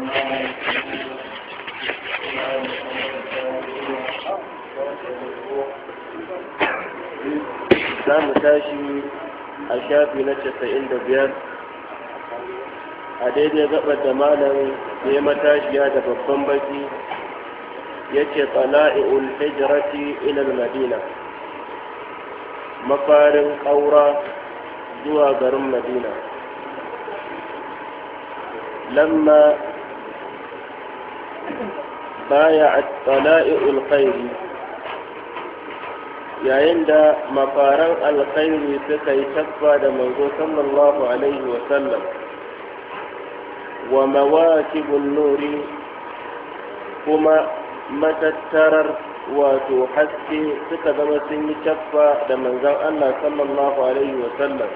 za mu tashi a shafi na casa'in da biyar a daidai gabar da malam ya matashiya da babban baki ya ce tsala'i'ul hijirati ilal madina mafarin ƙaura zuwa garin madina lamma baya a tsala'i'ul khairi yayin da mafaran alkhairi suka yi tabba da manzo sallallahu alaihi wa sallam wa mawakibun nuri kuma matattarar wato haske suka zama sun yi tabba da manzon Allah sallallahu alaihi wa sallam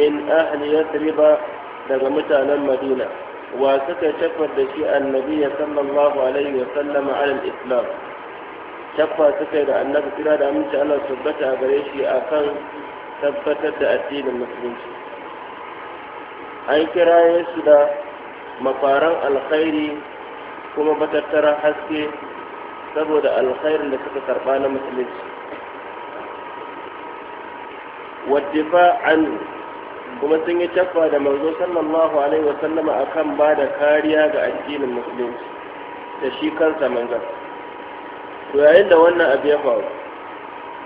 min ahli yathriba daga mutanen madina وسكى شفر دشي النبي صلى الله عليه وسلم على الإسلام شفى سكى النبي صلى الله عليه وسلم صبت أبريشي أكن ثبتت الدين المسلم أي كرا yesu da الخير كما بتترى matattaran سبود الخير alkhairin da مسلم والدفاع عن kuma sun yi caffa da manzo sallallahu alaihi sallama akan ba da kariya ga addinin musulunci da shi kansa manzon to yayin da wannan abu ya faru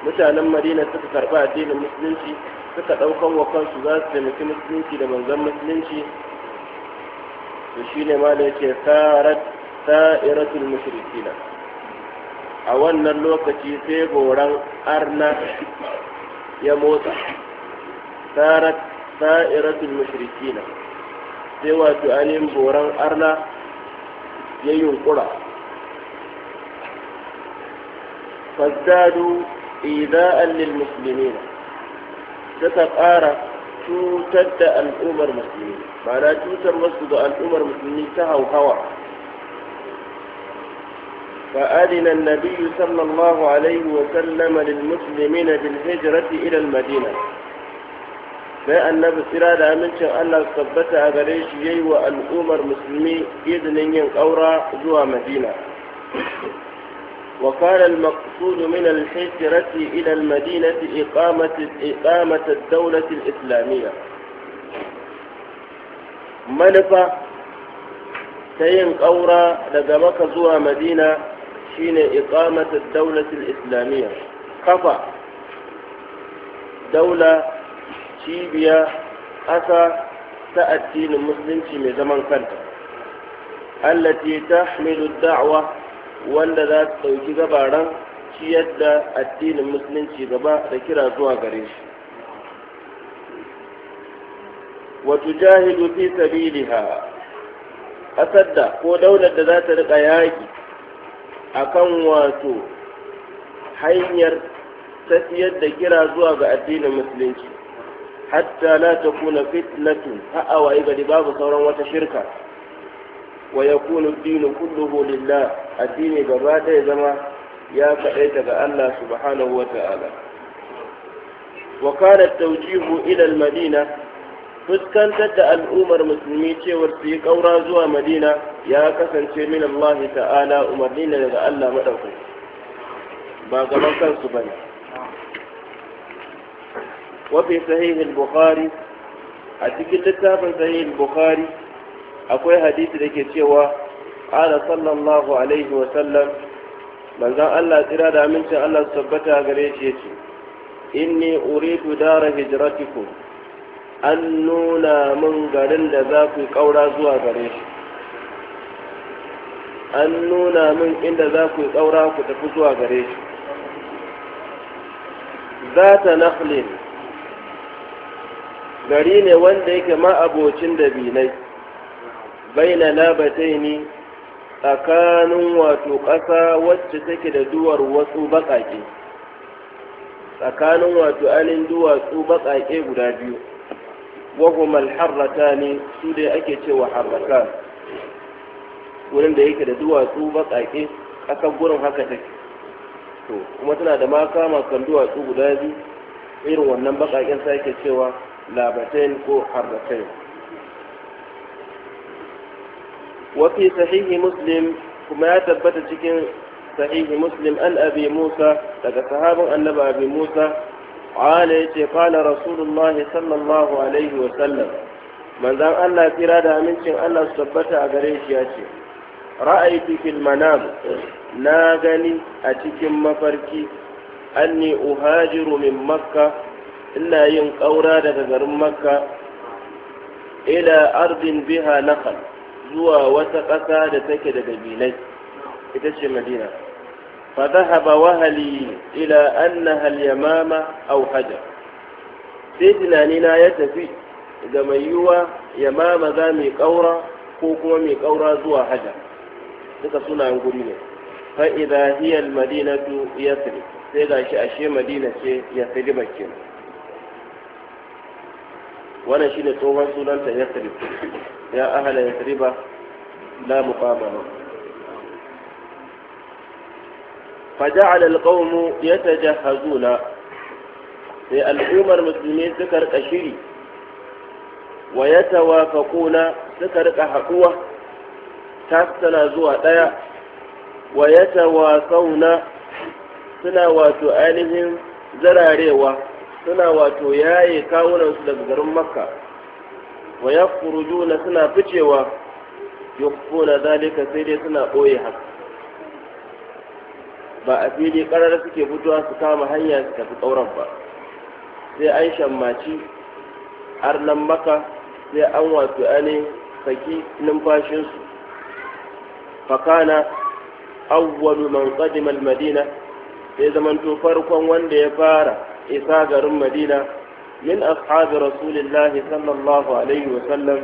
mutanen madina suka karɓi addinin musulunci suka ɗaukan wa kansu za su taimaki musulunci da manzon musulunci to shi ne ma da yake sa'iratul mushrikina a wannan lokaci sai goran arna ya motsa sarat دائرة المشركين سوى تؤلم بوران أرلا يين قرى فازدادوا إيذاء للمسلمين ستقارى توتد الأمر المسلمين فلا توتر وسط الأمر المسلمين تهو هوا فأذن النبي صلى الله عليه وسلم للمسلمين بالهجرة إلى المدينة sai annabi tsira da amincin Allah tabbata a gare shi yayi wa al'ummar musulmi izinin yin ƙaura zuwa madina وكان المقصود من الحجرة إلى المدينة إقامة إقامة الدولة الإسلامية منفى سين قورا لدمك زوى مدينة شين إقامة الدولة الإسلامية كفى دولة cibiya ƙasa ta addinin musulunci mai zaman kanta allati tahmilu da'wa wanda za ta ɗauki gabaran ciyar da addinin musulunci gaba da kira zuwa gare shi wa tujahidu fi sabiliha ƙasar da ko daular da za ta riƙa yaƙi akan wato hanyar tafiyar da kira zuwa ga addinin musulunci hatta la takuna fitnatun ha'a wa gari babu sauran wata shirka wa yakunu dinu kulluhu lillah addini gaba ɗaya zama ya kaɗaita daga Allah subhanahu wa ta'ala wa kana tawjihu ila al-madina fuskantar da al'ummar musulmi cewar su yi ƙaura zuwa madina ya kasance min Allah ta'ala umarni ne daga Allah maɗaukaki ba gaban kansu ba ne وفي صحيح البخاري حديث كتاب صحيح البخاري أقول حديث لك سوى قال صلى الله عليه وسلم من ذا الله إرادة من شاء الله ثبتها قريش إني أريد دار هجرتكم an nuna min garin da za ku ƙaura zuwa gare shi an nuna min inda za ku ƙaura ku gari ne wanda yake ma'abocin dabinai baina labatai ne tsakanin wato ƙasa wacce take da duwar wasu baƙaƙe tsakanin wato alin duwatsu baƙaƙe guda biyu wahumal harrata ne su dai ake cewa harrata wurin da yake da duwatsu baƙaƙe ƙasar gurin haka take to kuma tana da maka makan duwatsu guda biyu irin wannan baƙaƙen sa yake cewa labatain ko harratain wafi sahihi muslim kuma ya tabbata cikin sahihi muslim an abi musa daga sahabin annabi abi musa qala yace qala rasulullah sallallahu alaihi wa sallam manzon Allah tsira da amincin Allah su tabbata a gare shi yace ra'aytu fil manam na gani a cikin mafarki anni uhajiru min Makka. ina yin ƙaura daga garin makka ila ardin biha nakal zuwa wata ƙasa da take da gabilai ita ce madina fa dhahaba wahali ila anna hal yamama aw hajar sai tunani na ya tafi ga mai yiwa yamama za mai ƙaura ko kuma mai ƙaura zuwa hajar duka suna guri ne fa idha hiya al madinatu yathrib sai gashi ashe madina ce yathrib kenan wannan shine tsohon sunanta yathrib ya ahala yathriba la muqama فجعل القوم يتجهزون sai al'ummar musulmi suka rika shiri wa ya suka rika haƙuwa ta tana zuwa ɗaya wa ya suna wato ainihin zararewa suna wato yaye kawunansu daga garin makka wa ya suna ficewa yukuna zalika sai dai suna ɓoye haka ba a fili ƙarar suke fitowa su kama hanya su tafi ƙauran ba sai an shammaci arnan maka sai an wato ane saki numfashinsu fakana awwalu man qadima al-madina sai zamanto farkon wanda ya fara isa garin madina min ashabi rasulillahi sallallahu alaihi wa sallam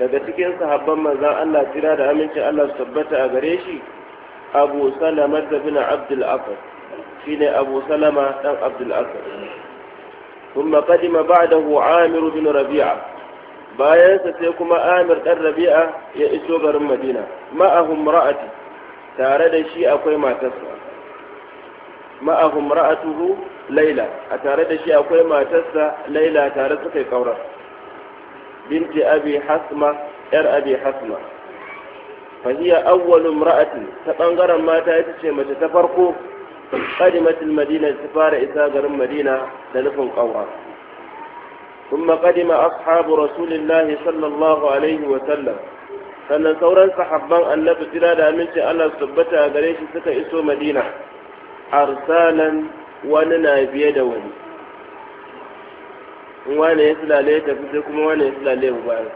daga cikin sahabban manzon Allah tira da amincin Allah su tabbata a gare shi Abu Salama bin Abdul Asad shine Abu Salama dan Abdul Asad kuma kadima ba'dahu Amir bin Rabi'a bayan sa sai kuma amir dan rabi'a ya iso garin madina ma'ahum ra'ati tare da shi akwai matarsa ma'ahum ra'atuhu laila a tare da shi akwai matarsa laila tare suka yi binti abi hasma yar abi hasma fahiya awwalu imra'atin ta bangaren mata ita ce mace ta farko qadimat madina ta fara isa garin madina da nufin ƙaura ثم قدم أصحاب رسول الله صلى الله عليه وسلم sannan sauran sahabban annabi jira da aminci Allah su tabbata gare shi suka iso Madina arsalan wani na biye da wani in wani ya sulale ya tafi sai kuma wani ya sulale ya bayan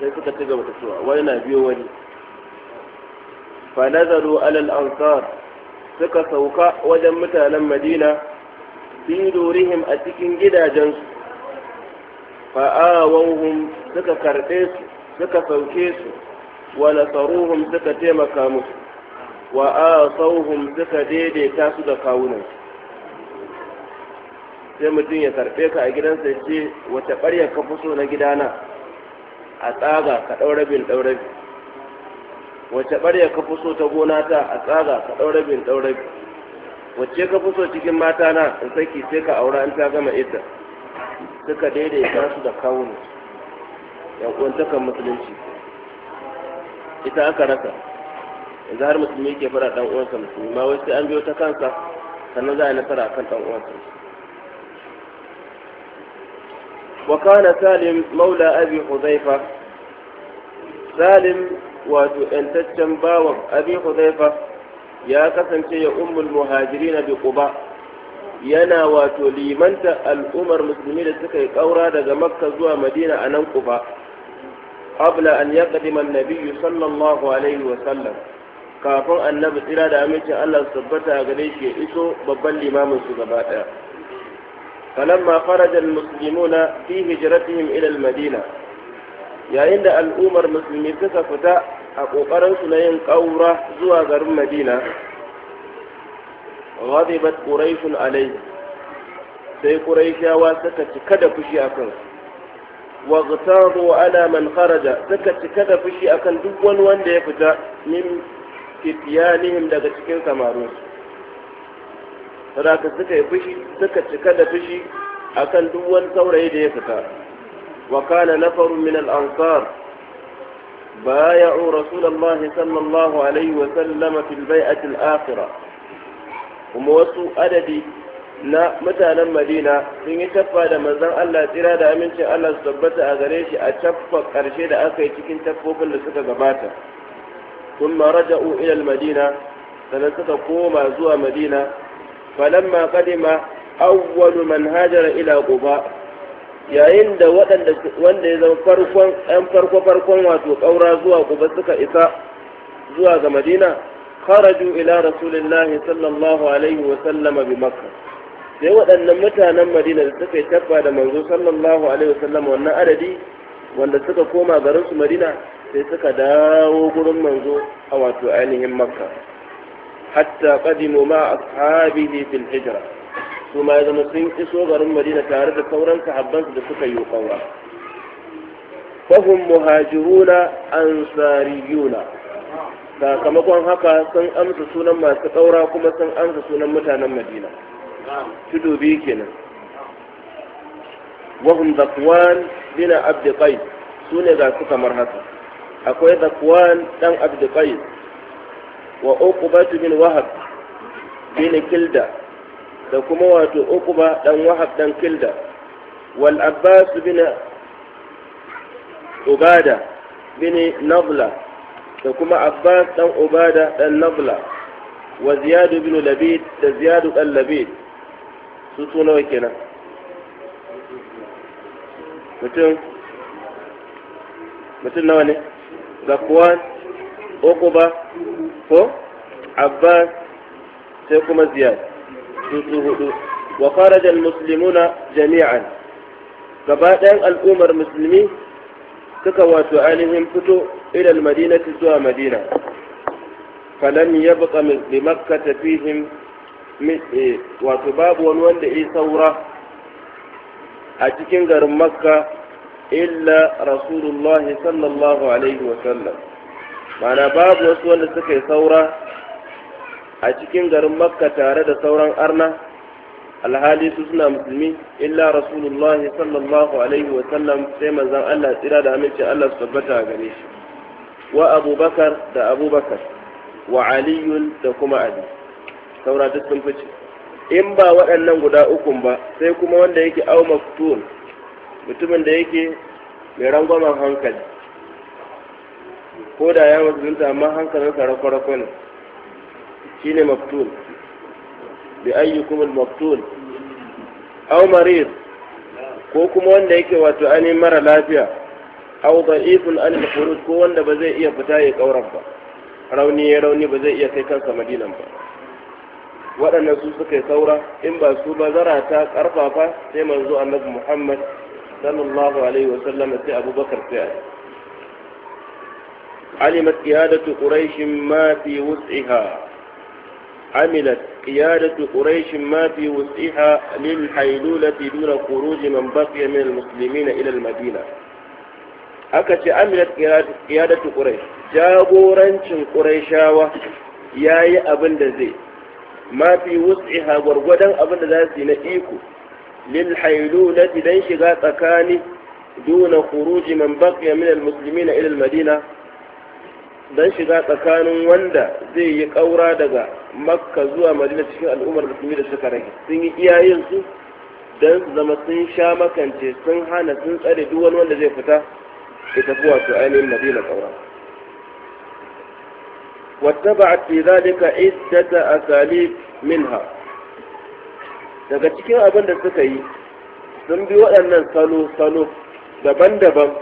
sai suka ci gaba tasowa wani na biyo wani fa nazaru alal ansar suka sauka wajen mutanen madina fi durihim a cikin gidajensu fa'awahum suka karɓe su suka sauke su wa nasaruhum suka taimaka musu wa asauhum suka daidaita su da kawunansu sai mutum ya karɓe ka a gidansa ya ce wata ɓarya ka fi so na gidana a tsaga ka ɗaura bin ɗaura wace ɓarya ka fi so ta gona ta a tsaga ka ɗaura bin ɗaura wace ka fi so cikin mata na in saki sai ka aura in ta gama ita suka daidaita su da kawun yan uwantakan musulunci ita aka rasa yanzu har musulmi ke fara ɗan uwansa musulmi ma wai sai an biyo ta kansa sannan za a yi nasara kan ɗan uwansa وكان سالم مولى أبي حذيفة سالم وتؤنتجن باوك أبي حذيفة يا قسم يا أم المهاجرين بقباء ينا وتليمنت الأمر مسلمين سكي قورا دقى مكة زوى مدينة أنا قباء قبل أن يقدم النبي صلى الله عليه وسلم kafin annabi tsira da amincin Allah su tabbata a gare shi ya iso babban limamin su gaba ɗaya فلما خرج المسلمون في هجرتهم إلى المدينة yayin da al'ummar musulmi suka fita a ƙoƙarinsu na yin ƙaura zuwa garin madina ghadibat quraishun alai sai quraishawa suka cika da fushi akan wa ghtaru ala man kharaja suka cika da fushi akan duk wani wanda ya fita yin kityanihim daga cikin samarinsu saboda suka yi fushi suka cika da fushi akan duk wani saurayi da ya fita wa kana nafarun min al-ansar بايعوا رسول الله صلى الله عليه وسلم في البيعة Kuma wasu adadi na mutanen madina sun yi taffa da manzon Allah tsira da amincin Allah su tabbata a gare shi a taffa ƙarshe da aka yi cikin taffofin da suka gabata sun maraja'u ilal madina sannan suka koma zuwa madina falamma qadima awwalu man hajara ila quba yayin da waɗanda wanda ya zama farkon ɗan farko farkon wato ƙaura zuwa quba suka isa zuwa ga madina kharaju ila rasulillahi sallallahu alaihi wa sallama bi makka sai waɗannan mutanen madina da suka yi tabba da manzo sallallahu alaihi wa sallama wannan adadi wanda suka koma garin su madina sai suka dawo gurin manzo a wato ainihin makka hatta qadimu ma ashabihi fil hijra su ma sun iso garin madina tare da sauran sahabbansu da suka yi kaura fahum muhajiruna na. sakamakon haka sun amsa sunan masu kaura kuma sun amsa sunan mutanen madina tudu biyu kenan wahum zakwan bin abd qais sune ga su kamar haka akwai zakwan ɗan abd qais wa uqbatu bin wahab bin kilda da kuma wato uqba dan wahab dan kilda wal abbas bin ubada bin nabla da kuma abbas dan ubada dan nabla wa ziyad bin labid da ziyad dan labid su suna kenan mutum mutum nawa ne zakwan uqba ko abbas sai kuma ziyad su su hudu wa kharaja almuslimuna jami'an gaba ɗayan al'ummar musulmi suka wato ainihin fito ila almadinati zuwa madina falam yabqa bi makkah fihim e, wato babu wani wanda ya saura a cikin garin makka illa rasulullahi sallallahu alaihi wa sallam. mana babu wasu wanda suka yi saura a cikin garin makka tare da sauran arna alhali su suna musulmi illa rasulullah sallallahu alaihi wa sallam sai manzon Allah tsira da amince Allah su tabbata gare shi wa abubakar da abubakar wa aliyun da kuma ali saura duk sun fice in ba waɗannan guda ukun ba sai kuma wanda yake au maktul mutumin da yake mai rangwamen hankali ko da ya zunta amma hankalin rafa-rafa ne shi ne maftul bi ayyukum al-maftul aw marid ko kuma wanda yake wato ani mara lafiya aw da'ifun an al ko wanda ba zai iya fita ya kauran ba rauni ya rauni ba zai iya kai kansa madinan ba waɗannan su suka yi saura in ba su ba ta ƙarfafa sai manzo annabi muhammad sallallahu alaihi wa sallam sai abubakar sai علمت قيادة قريش ما في وسعها عملت قيادة قريش ما في وسعها للحيلولة دون خروج من بقي من المسلمين إلى المدينة aka ce amirat qiyadatu quraish jagorancin quraishawa yayi abin da zai ma fi wus'iha gwargwadon abin da za su yi na iko lil hailulati dan shiga tsakani duna khuruji man baqiya min al muslimina ila madina don shiga tsakanin wanda zai yi ƙaura daga makka zuwa madina cikin al'ummar musulmi da suka rage sun yi iyayensu don su zama sun sha makance sun hana sun tsare duk wani wanda zai fita ya tafi wato ainihin madina ƙaura واتبعت fi zalika عدة أساليب minha daga cikin abin da suka yi sun bi waɗannan salo-salo daban-daban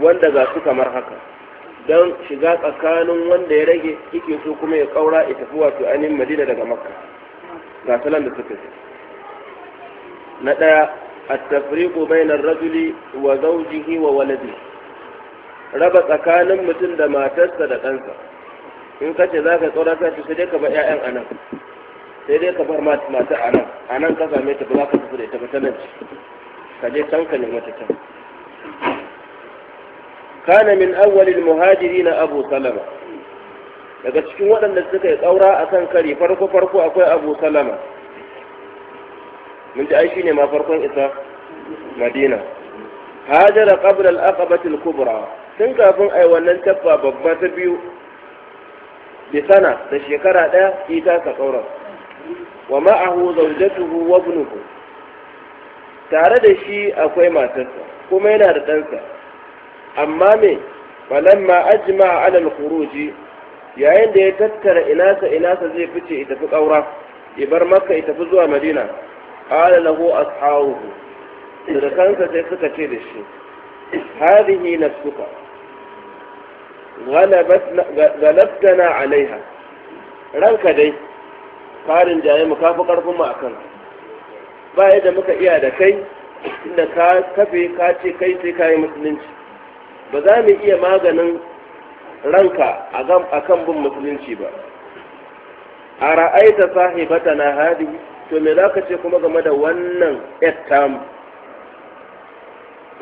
wanda ga su kamar haka don shiga tsakanin wanda ya rage yake so kuma ya kaura ya tafi wato ainihin madina daga makka ga salon da suka yi na ɗaya rajuli wa الرجل wa وولده raba tsakanin mutum da matarsa da ɗansa in ka ce za ka tsorata shi sai dai ka bar 'ya'yan a nan sai dai ka bar mata a nan a nan ka same ta ba za ka tafi da ita ba ta nan ce ka je can ka nemi ta can kana min awwalil muhajirin abu salama daga cikin waɗanda suka yi ƙaura akan kari farko farko akwai abu salama mun ji ai shine ma farkon isa madina hajara qabla al-aqabati al-kubra tun kafin ai wannan tabba babba ta biyu bi sana da shekara daya ita ta tsaura wa ma'ahu zawjatuhu wa ibnuhu tare da shi akwai matarsa kuma yana da ɗansa amma me falamma ma ala al kuruji. yayin da ya tattara ina-ka-ina-ka zai fice ya tafi kaura ya bar makka ya tafi zuwa madina qala lahu ashabuhu da kansa sai suka ce da shi hadhihi nafsuka galabatna alaiha ranka dai karin jaye mu kafi karfin mu akan ba yadda muka iya da kai inda ka kafe ka ce kai sai kayi musulunci ba za mu iya maganin ranka a kan bin musulunci ba a ra'aita sahibata na hadi to me za ka ce kuma game da wannan yattam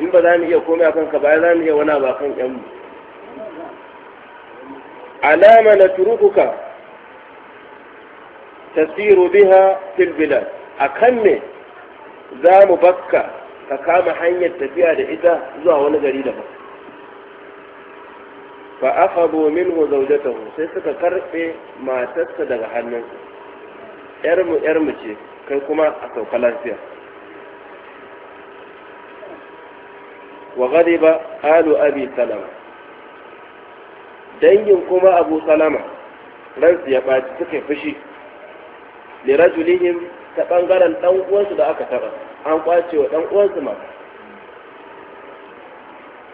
in ba za mu iya komai a kanka ba za mu iya wani ba kan yanmu alama na turukuka tasiru biha fil bilad a kan me za mu bakka ka kama hanyar tafiya da ita zuwa wani gari daban fa akhadhu minhu zawjatahu sai suka karbe matarsa daga hannun yar mu yar mu ce kai kuma a sauka lafiya wa ba alu abi salama dangin kuma abu salama ransu ya ɓaci suka fushi lirajulihim ta ɓangaren ɗan uwansu da aka taɓa an ƙwace wa ɗan uwansu ma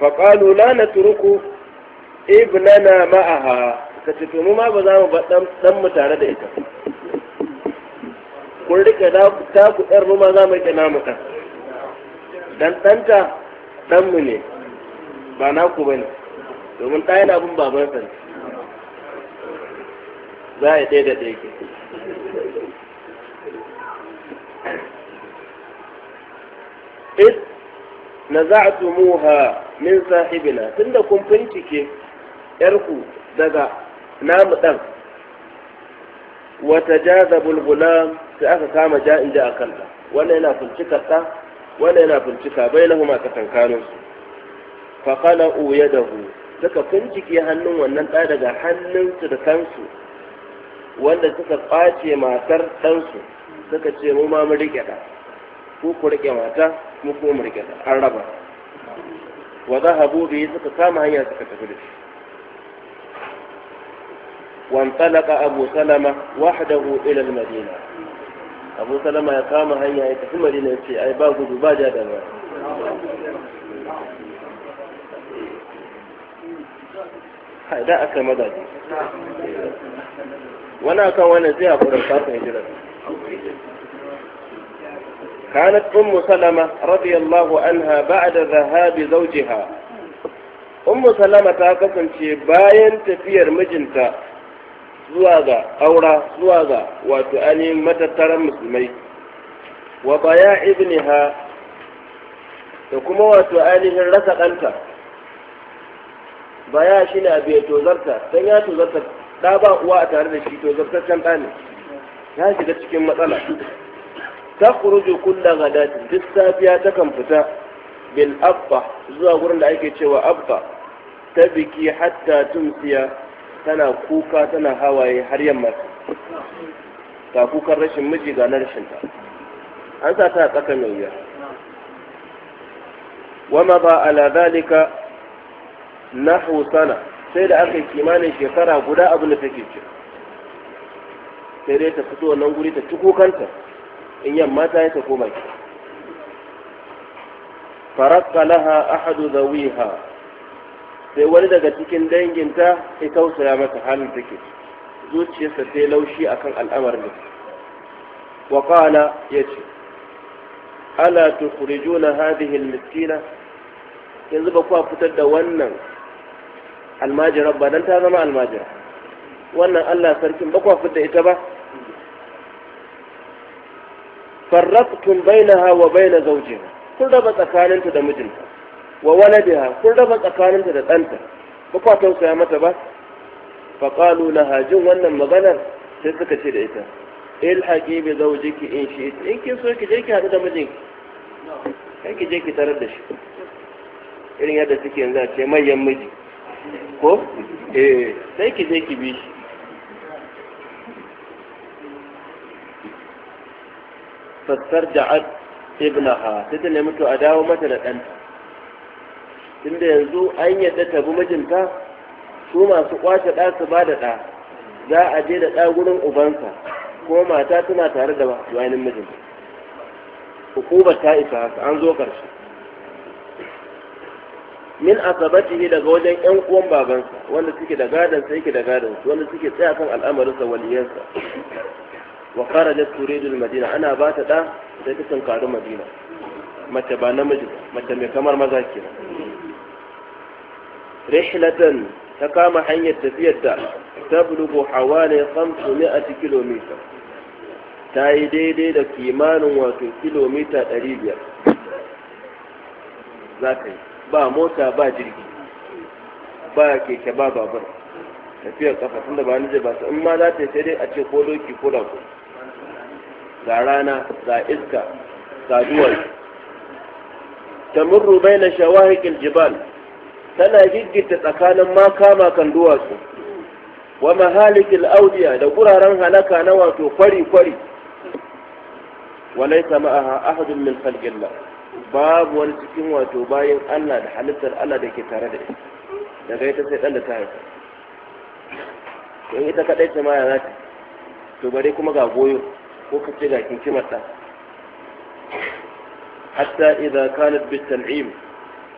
faƙalu la na turuku ibnana ma'aha ka ce mu ma ba za mu ba dan mu tare da ita kun rike ta ku mu ma za mu rike namu kan. dan dan ɗanmu ne ba naku ba ne domin ta yana bin babansa ne za a yi ɗaya da ɗaya ke إذ نزعتموها من صاحبنا تندكم بنتك yarku daga namu ɗan wata ja da bulbula sai aka kama ja ja a kanta wannan yana fincika ɗa wannan yana fincika bai na huma tsakankaninsu faƙala uya da hu suka fincike hannun wannan ɗa daga hannunsu da kansu wanda suka ƙwace matar ɗansu suka ce mu ma mu riƙe ɗa ku ku riƙe mata mu kuma mu riƙe ɗa an raba wa zahabu bihi suka kama hanya suka tafi da shi وانطلق أبو سلمة وحده إلى المدينة أبو سلمة يقام هيا يتفي مدينة في أي باغ جباجة هذا أكا مدادي وانا أكا وانا زيها قرن فاطمة كانت أم سلمة رضي الله عنها بعد ذهاب زوجها أم سلمة تاكسن شي باين تفير مجنتا zuwa ga aura zuwa ga wato ainihin matattaran musulmai wa baya ibniha da kuma wato ainihin rasa ɗanta baya shi ne abu ya tozarta don ya tozarta ɗa ba uwa a tare da shi tozartaccen ɗa ne ya shiga cikin matsala ta kuruju kulla gadati duk safiya takan fita bil abba zuwa gurin da ake cewa abba ta biki hatta tumsiya tana kuka tana hawaye har yamma ga kukan rashin miji ga na rashin ta an sa ta tsaka mai wuya wama ba ala dalika nahu sana sai da aka yi kimanin shekara guda abu na take ci sai dai ta fito nan guri ta ci kukanta in yamma ta yi ta koma ki farakka laha ahadu zawiha sai wani daga cikin danginta ya tausaya mata halin take zuciyarsa sai laushi akan al'amarin wa qala yace ala tukhrijuna hadhihi miskina yanzu ba ku fitar da wannan almajira ba dan ta zama almajira wannan Allah sarkin ba ku fitar ita ba farraqtum bainaha wa bain zawjiha kun raba tsakaninta da mijinta wa waladiha kun raba tsakaninta da ɗanta bukatun kwa tausaya mata ba qalu na hajin wannan maganar sai suka ce da ita ilhaƙi bi zawjiki in shi in kin so ki je ki haɗu da mijinki kai ki je ki tarar da shi irin yadda suke yanzu a ce manyan miji ko eh sai ki je ki bi shi fassar ja'ad ibnaha sai ta nemi to a dawo mata da ɗanta tunda yanzu an yadda ta bi mijinta su masu kwace ɗa su ba da ɗa za a je da ɗa gurin ubansa ko mata tana tare da wayanin mijinta hukumar ta isa haka an zo ƙarshe min ne daga wajen 'yan uwan babansa wanda suke da gadon sai yake da gadon su wanda suke tsaya kan al'amarin sa waliyansa wa kharajat turidu madina ana ba ta da sai ta tunkari madina mace ba namiji mace mai kamar maza kenan rihlatan ta kama hanyar tafiyar ta tablugu hawale 500 kilomita ta yi daidai da kimanin wato kilomita 500 za ta yi ba mota ba jirgi ba keke ba babur tafiyar kafa tun da ba nije ba su in ma za ta yi sai dai a ce ko doki ko rago ga rana ga iska ga duwatsu tamurru bai na shawahikin jibal tana giggita tsakanin makama kan duwatsu wa mahalikil audiya da guraren halaka na wato kwari-kwari walai sama'aha ahadun min khalqillah babu wani cikin wato bayan Allah da halittar Allah da ke tare da shi daga ita sai dan da ta haifa in ita kadai ce ma ya ta to bare kuma ga goyo ko ce ga kinkimar ta hatta idza kanat bitan'im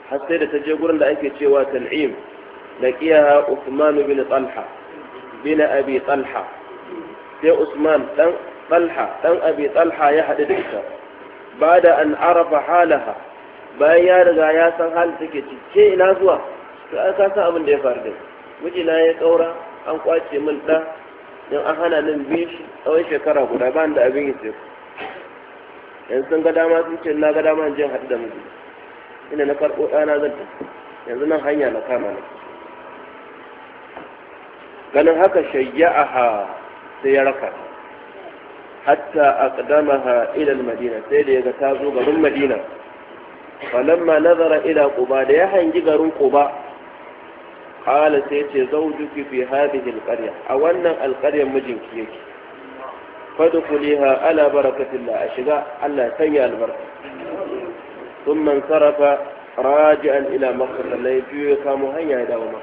har sai da ta je gurin da ake cewa tan'im kiyaha Usman bin Talha bin Abi Talha sai Usman dan Talha dan Abi Talha ya haɗu da ita bada an arafa halaha bayan ya riga ya san halin take cike ina zuwa to an ka san abin da ya faru da na ya kaura an kwace min ɗa don an hana nan biyu tsawon shekara guda ba da abin yi sai yanzu sun ga dama sun ce na ga dama jin haɗu da mijina ina na karɓo ɗana zan yanzu nan hanya na kama ne. ganin haka shayya'aha sai ya raka hatta aqdamaha ila madina sai da ya ta zo garin madina falamma nazara ila quba da ya hangi garin quba qala sai ce zawjuki fi hadhihi alqarya a wannan alqaryar mijinki yake fadkhuliha ala barakatillah a shiga Allah sanya albarka ثم انصرف راجعا الى مكة لا ya juyo ya kamo hanya ya dawo maka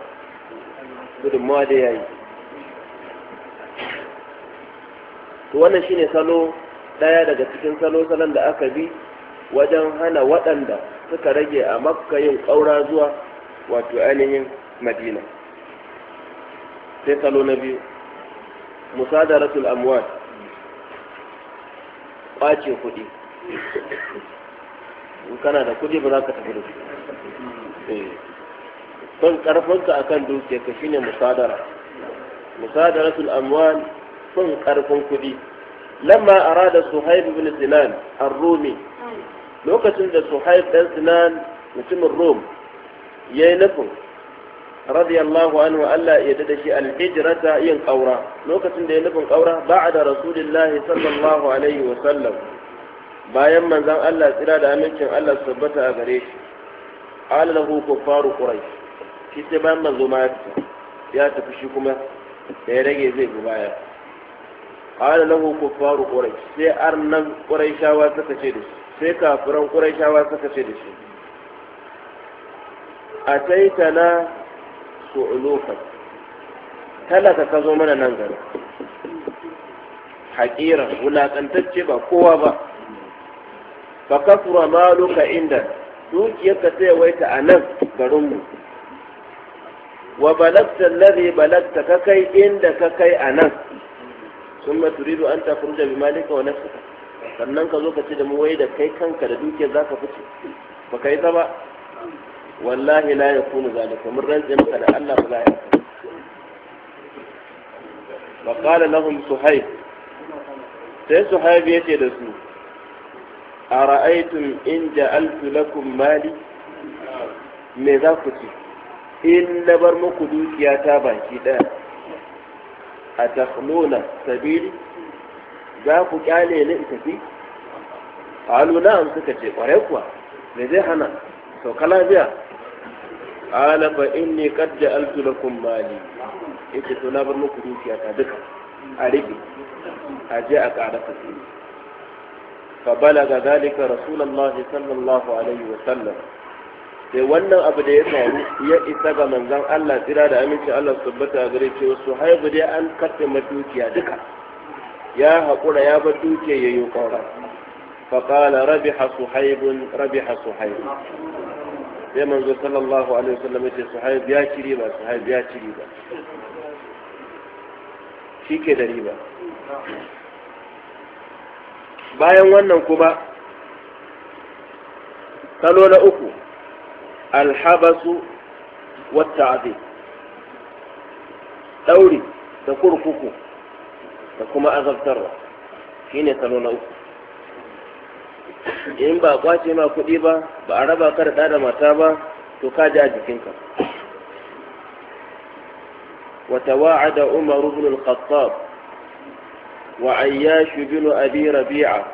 تو da yayi سالو wannan shine salo daya daga cikin salo salon da aka bi wajen hana waɗanda suka rage a makka yin ƙaura zuwa wato ainihin madina sai salo na biyu musadaratul amwal ƙwace kuɗi in kana da kuɗi ba za ka tafi da su eh. a karfinka akan dukiyarka shine musadara Musadara sul amwal kan karfin kuɗi lamma arada suhaib ibn sinan ar-rumi lokacin da suhaib dan sinan mutumin rom yayi nufin radiyallahu anhu Allah ya dada shi al-hijrata yin kaura lokacin da ya nufin kaura ba'da rasulillahi sallallahu alaihi wa sallam bayan manzan Allah tsira da amincin Allah su tabbata a gare shi alahu kuffaru quraish shi sai bayan manzo ma ya tafi shi kuma da ya rage zai bi baya qala lahu kuffaru quraish sai arnan quraishawa suka ce da shi sai kafiran shawa suka ce da shi ataitana su'ulufa talaka ka zo mana nan gari haƙira wulaƙantacce ba kowa ba fa kasura maluka inda dukiyarka sai waita a nan garinmu wa balagta alladhi balagta ka kai inda ka kai a nan summa turidu an takhruja bi malika wa nafsa sannan ka zo ka ce da mu wai da kai kanka da dukiyar zaka fice ba kai ta ba wallahi la yakunu zalika mun rantse maka da Allah ba zai ba fa qala lahum suhayb sai suhayb yace da su ara'aytum in ja'altu lakum mali me za ku ci in na bar muku dukiya ta baki ɗaya a takhluna sabili za ku kyale ni in tafi aluna an suka ce kware kuwa me zai hana kala biya ala fa inni qad ja'altu lakum mali ita to na bar muku dukiya ta duka a rike a je a ƙara fasiri فبلغ ذلك رسول الله صلى الله عليه وسلم sai wannan abu da ya faru ya isa ga manzon Allah tsira da aminci Allah su tabbata gare cewa su haibu dai an karfe matukiya duka ya haƙura ya bar dukiya ya yi fa qala rabiha suhaibun rabiha suhaib sai manzo sallallahu alaihi wasallam ya ce suhaib ya ci riba suhaib ya ci riba shi ke da riba bayan wannan kuma salo na uku alhabasu wata azi ɗauri da kurkuku da kuma azabtarwa shine salo na uku in ba kwace ma kuɗi ba ba a raba ka da da mata ba to ka ji a jikinka wata wa'ada umar ibn al-khattab وعياش بن أبي ربيعة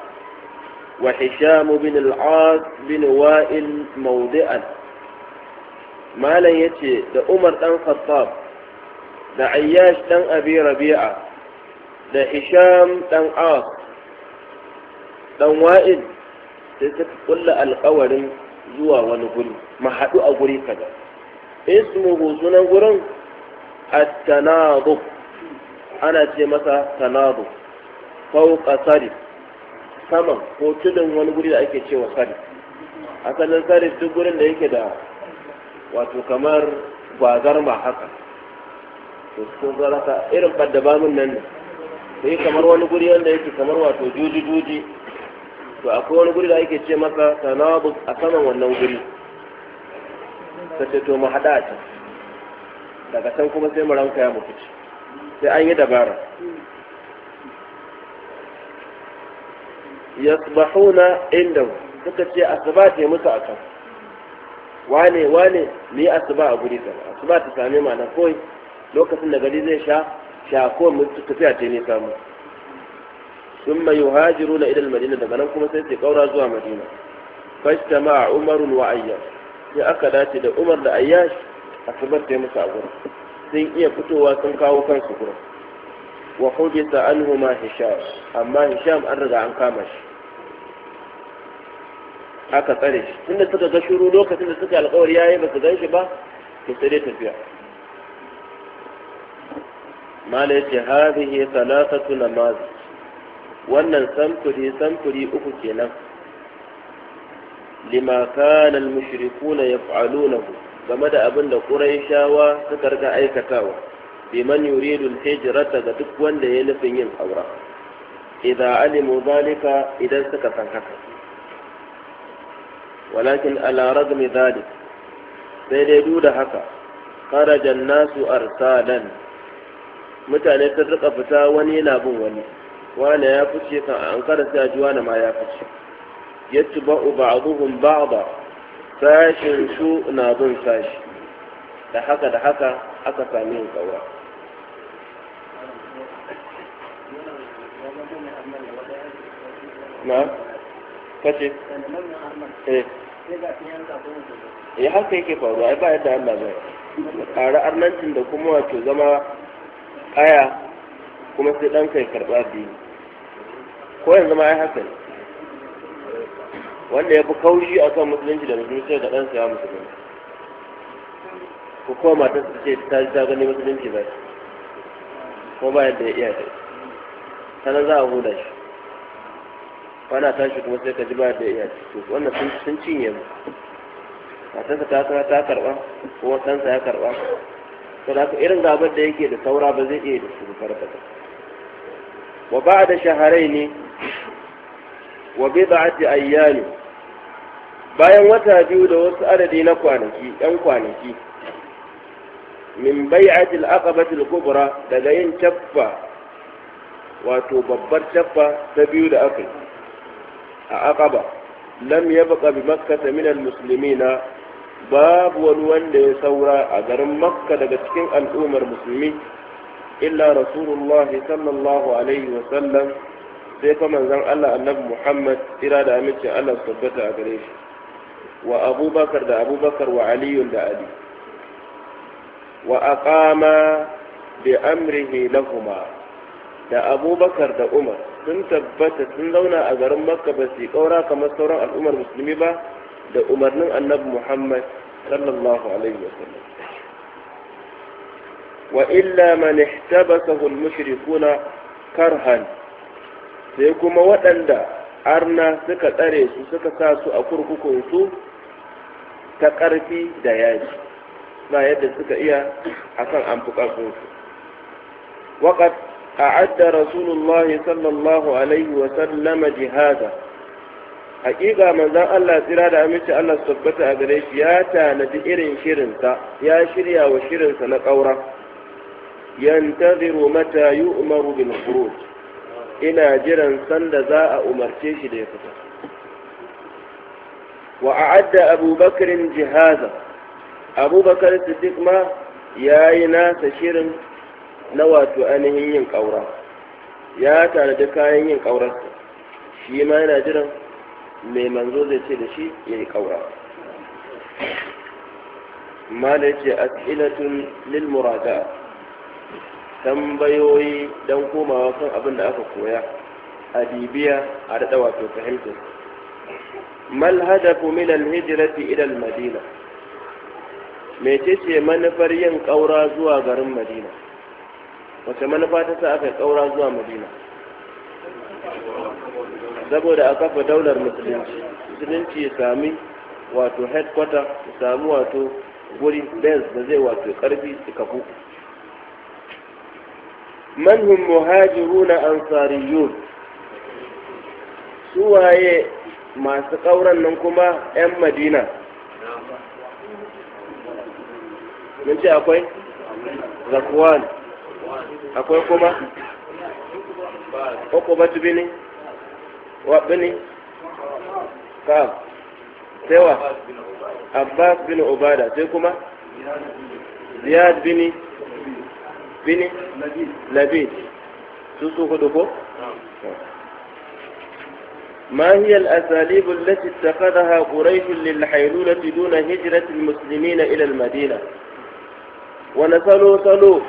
وحشام بن العاص بن وائل موضعا مالا يتي دا عمر دان خطاب دا عياش دان أبي ربيعة دا هشام دان عاص دان وائل sai suka kulla alkawarin zuwa wani guri mu haɗu a guri kaza ismuhu sunan gurin at-tanadub ana ce masa tanadub fauka sarif saman ko tudun wani guri da ake cewa sarif asalin sarif duk gurin da yake da wato kamar gwazar ma haka to sun zarata irin baddabamin nan ne sai kamar wani guri wanda yake kamar wato juji juji to akwai wani guri da ake ce masa tanawabu a saman wannan guri ce to mu haɗa a can daga can kuma sai mu ranka ya mu sai an yi dabara yasbahuna indahu suka ce asuba ta musu akan wane wane ya asuba a guri kaza asuba ta same ma na koi lokacin da gari zai sha sha ko ta tafiya ce ne samu hajiru na idan madina daga nan kuma sai sai kaura zuwa madina fajtama umarun wa ayyar sai aka dace da umar da ayyash a tabbatar musu a gurin sun iya fitowa sun kawo kansu gurin wa hujjata anhuma hisham amma hisham an riga an kama shi aka tsare shi tunda suka ga shiru lokacin da suka alƙawari yayi ba su gan shi ba to sai dai tafiya mala yace hadhihi thalathatu namaz wannan samfuri samfuri uku kenan lima kana al-mushrikuna yaf'alunahu game da abin da quraishawa suka riga aikatawa liman yuridul hijrata ga duk wanda ya nufin yin aura idan alimu zalika idan suka san haka walakin ala ragmi zalik sai dai duda da haka Karajan nasu arsalan mutane sun rika fita wani yana bin wani ya fice ka an karanta ji na ma ya fice yatba'u ba'dhum ba'da sashin su na bin sashi da haka da haka aka sami yin kaura na kace eh eh haka yake faruwa ai ba yadda Allah bai ƙara arnancin da kuma wato zama aya kuma sai dan kai karba biyu ko yanzu ma ai haka wanda ya fi kaushi a kan musulunci da musulunci da dan ɗansa ya musulunci ko kuma ta ce ta ta gani musulunci ba shi ko ba yadda ya iya ta sanan za a huda shi kwana tashi kuma sai ka ji ba yadda ya iya to wannan sun cinye mu matarsa ta sana ta karba ko ɗansa ya karba to da haka irin gabar da yake da saura ba zai iya da su farfata wa ba da shaharai ne wa bai ba a ce ayyali bayan wata biyu da wasu adadi na kwanaki yan kwanaki min bai'atil aqabatil kubra daga yin tabba wato babbar tabba ta biyu da aka a aqaba lam yabqa bi makkah min al muslimina babu wani wanda ya saura a garin makka daga cikin al'ummar musulmi illa rasulullah sallallahu alaihi wa sallam sai fa manzon Allah annabi Muhammad kira da amincin Allah tabbata a gare shi wa abubakar da abubakar wa aliyun da ali wa aqama bi amrihi lahuma da abubakar da umar sun tabbata sun zauna a garin makka ba su kaura kamar sauran al'ummar musulmi ba da umarnin annabi muhammad sallallahu alaihi wasallam wa illa man ihtabasahu al-mushrikuna karhan sai kuma waɗanda arna suka tsare su suka sa su a su ta ƙarfi da yaji ba yadda suka iya akan an fi ƙarfinsu waƙat a'adda rasulullahi sallallahu alaihi wa sallama jihada. haƙiƙa manzan Allah tsira da aminci Allah su tabbata a gare shi ya tanadi irin shirinsa ya shirya wa shirinsa na ƙaura yantaziru mata yu'maru bil khuruj ina jiran sanda za a umarce shi da ya fita wa a'adda abubakar jihaza abubakar siddiq ma ya yi nasa shirin na wato ainihin yin ƙaura ya tanadi kayan yin ƙaurarsa shi ma yana jiran mai manzo zai ce da shi ya yi ƙaura ma da ce as'ilatun lil murada tambayoyi don komawa kan abin da aka koya a bibiya a daɗa wato fahimtar mal hadafu min al hijrati ila madina mecece manufar yin ƙaura zuwa garin madina wace manufa ta sa aka ƙaura zuwa madina saboda a kafa daular musulunci musulunci ya sami wato headquarter ya sami wato guri base da zai wato karfi su kafu manhum muhajiruna ansariyun suwaye masu ƙauran nan kuma 'yan madina mun ce akwai zakwan akwai kuma ukubatu bini wa bini ka sai wa abbas bin ubada sai kuma ziyad bini bini labid su su hudu ko ما هي الأساليب التي اتخذها قريش للحيلولة دون هجرة المسلمين إلى المدينة wani salo-salo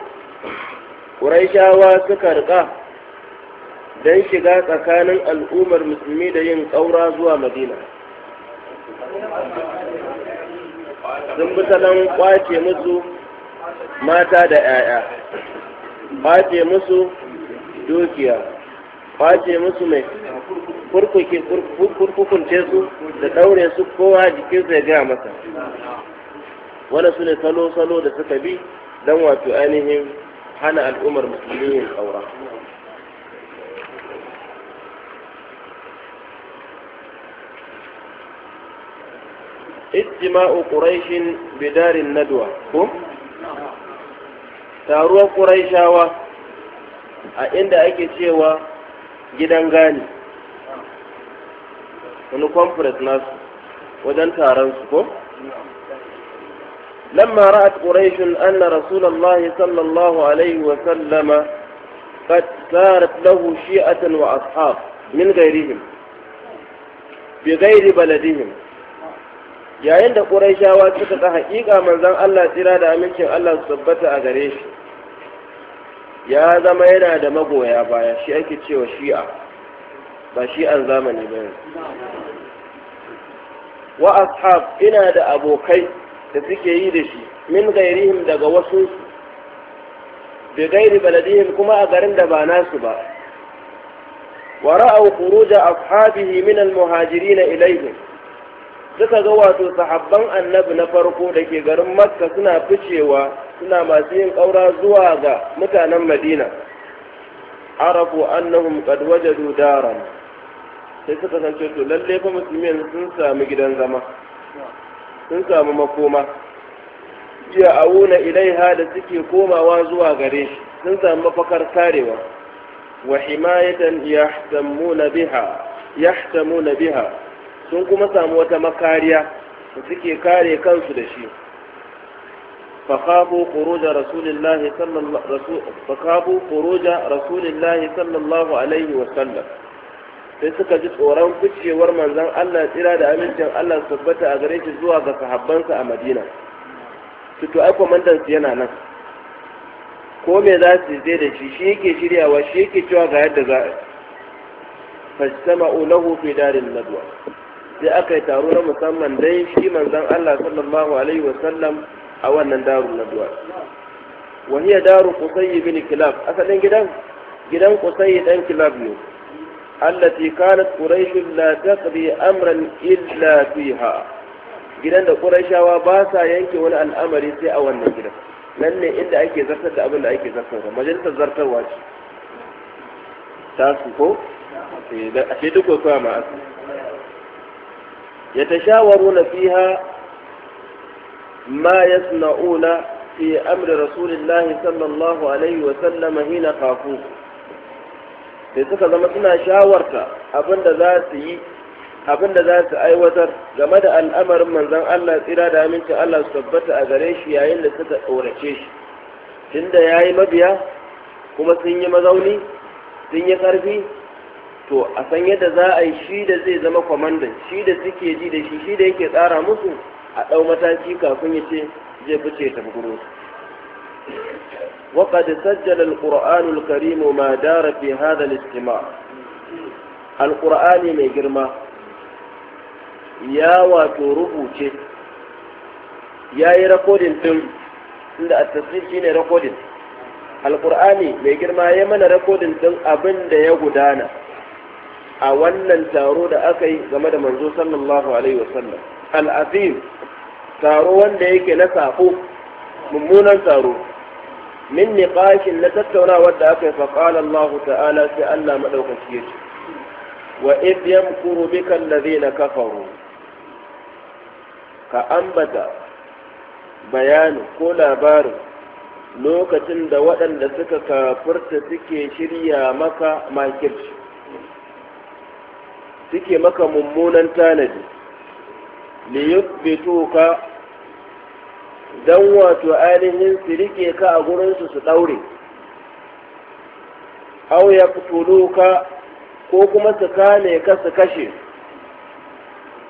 ƙuraishawa suka riƙa don shiga tsakanin al'ummar musulmi da yin ƙaura zuwa madina sun bi salon ƙwace musu mata da 'ya'ya ƙwace musu dukiya ƙwace musu mai kurkukunce su da ɗaure su kowa jikinsu ya gaya masa wani su ne salo-salo da suka bi don wato ainihin hana al'ummar musulmi yin ƙaura ijtima'u quraishin bidarin nadwa ko taruwar quraishawa a inda ake cewa gidan gani wani conference nasu wajen taron su ko لما رأت قريش أن رسول الله صلى الله عليه وسلم قد صارت له شيئة وأصحاب من غيرهم بغير بلدهم yayin da ƙuraishawa suka ga haƙiƙa manzon Allah tsira da amincin Allah su tabbata a gare shi ya zama yana da magoya baya shi ake cewa shi'a ba shi'an zamani ba wa ashab ina da abokai da suke yi da shi min gairihim daga wasu bi gairi baladihim kuma a garin da ba nasu ba wa ra'aw khuruja ashabihi min almuhajirin muhajirin suka ga wato sahabban annabi na farko da ke garin makka suna ficewa suna masu yin ƙaura zuwa ga mutanen madina arafu annahum qad wajadu daran sai suka san to lalle fa musulmi sun sami gidan zama sun samu makoma ya auna ilaiha da suke komawa zuwa gare shi sun samu mafakar karewa wa himayatan yahtamuna biha yahtamuna biha sun kuma samu wata makariya da suke kare kansu da shi فخافوا خروج رسول sallallahu صلى الله فخافوا خروج رسول الله صلى الله sai suka ji tsoron ficewar manzan Allah tsira da amincin Allah tabbata a gare shi zuwa ga sahabbansa a Madina su to ai komandan su yana nan ko me za su je da shi shi yake shiryawa shi yake cewa ga yadda za a fastama'u ulahu fi darin nadwa sai aka yi taro na musamman dai shi manzan Allah sallallahu alaihi wa sallam a wannan darun nadwa wa hiya daru kusayi bin kilab asalin gidan gidan kusayi dan kilab ne allati kanat quraish la taqdi amran illa fiha gidan da ƙurashawa ba sa yanke wani al'amari sai a wannan gidan nan ne inda ake zartar da abin da ake zartar da majalisar zartarwa ce tasu ko eh, a ce duk kwa ma asu ya ta shawaru na fiha ma yasna'una fi amri rasulillahi sallallahu alaihi wa sallama hina kafu sai suka zama suna shawarta abinda za su yi abinda za su aiwatar game da al'amarin manzon Allah tsira da amincin Allah su tabbata a gare shi yayin da suka tsorace shi tunda yi mabiya kuma sun yi mazauni sun yi ƙarfi to a san yadda za a yi shi da zai zama kwamandan shi da suke ji da shi shi da yake tsara musu a ɗau mataki kafin ya ce zai fice tafi gurin وقد سجل القرآن الكريم ما دار في هذا الاجتماع القرآن من جرمة يا وتربوتي يا ركودين تم عند التسجيل شيني ركودين alkur'ani mai girma ya yi mana rakodin din abin da ya gudana a wannan taro da aka yi game da manzo sallallahu alaihi wasallam al'azim taro wanda yake na safo mummunan taro min niqashin na tattaunawar da aka yi faƙala Allah ta'ala sai Allah maɗaukaki ya ce wa idh yamkuru bika alladhina kafaru ka ambata bayani ko labarin lokacin da waɗanda suka kafurta suke shirya maka makirci suke maka mummunan tanadi liyubbituka don wato ainihin su rike ka a gurinsu su ɗaure au ya ka ko kuma su kame ka su kashe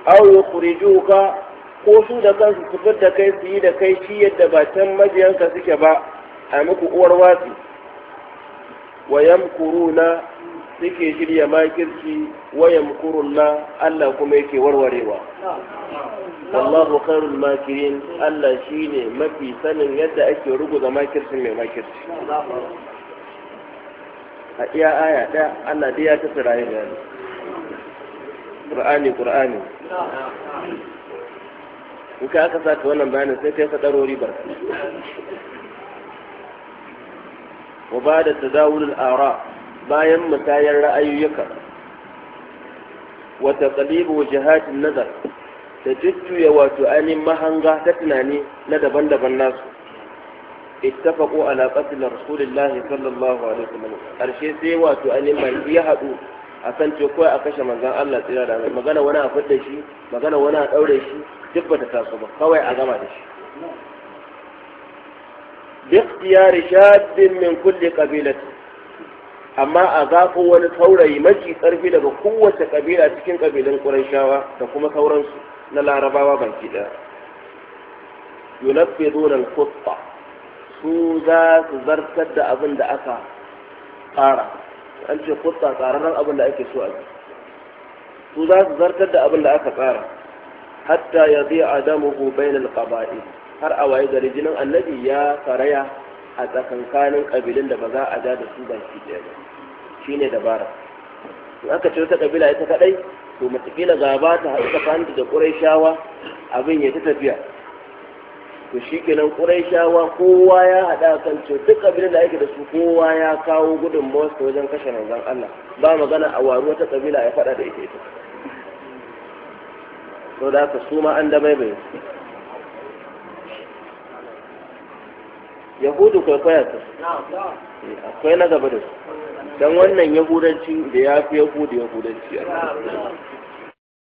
au ya ka ko su da kansu su da kai su yi da kai shi yadda ba can majiyanka suke ba a muku uwar wasu wa yamkuruna suke shirya makirci wayan na, Allah kuma yake warwarewa Allah khairul makirin Allah shine mafi sanin yadda ake ruguza makircin mai makirci a iya aya ɗaya Allah dai ya ta raye da Kur'ani, ƙur'ani. in ka aka ta wannan bayanin sai kai fadarori ba wa ba da tadawulul ara bayan musayar ra'ayoyinka wa taqlibu wujahatin nazar da jujjuya wato ainihin mahanga ta tunani na daban-daban nasu ittafaqu ala qatl rasulillah sallallahu alaihi wasallam arshe sai wato ainihin baki ya hadu a san ce kawai a kashe manzon Allah tsira da mai magana wani a fidda shi magana wani a daure shi duk bata taso ba kawai a gama da shi bi ikhtiyari shabbin min kulli qabilati amma a zaɓo wani saurayi mafi ƙarfi daga kowace ƙabila cikin ƙabilun shawa da kuma sauransu na larabawa baki ɗaya yunafi al-khutta su za su zartar da abin da aka tsara an ce khutta tsararren abin da ake so a su za su zartar da abin da aka tsara hatta ya zai adamu bainal qaba'i har a waye gari jinin annabi ya karaya a tsakankanin ƙabilun da ba za a ja da su ba shi ɗaya ba shi ne dabara in aka ce wata kabila ita kaɗai to matakila gaba ta haɗu tsakanin da ƙuraishawa abin ya ta tafiya to shi kenan ƙuraishawa kowa ya haɗa kan ce duk ƙabilun da ake da su kowa ya kawo gudun mawasu wajen kashe manzon Allah ba magana a waru wata kabila ya faɗa da ita ita. Sau da haka su an dabaibaye su. yahudu kwaikwaya su eh, akwai na gaba da su don wannan yahudanci da ya fi yahudu yahudanci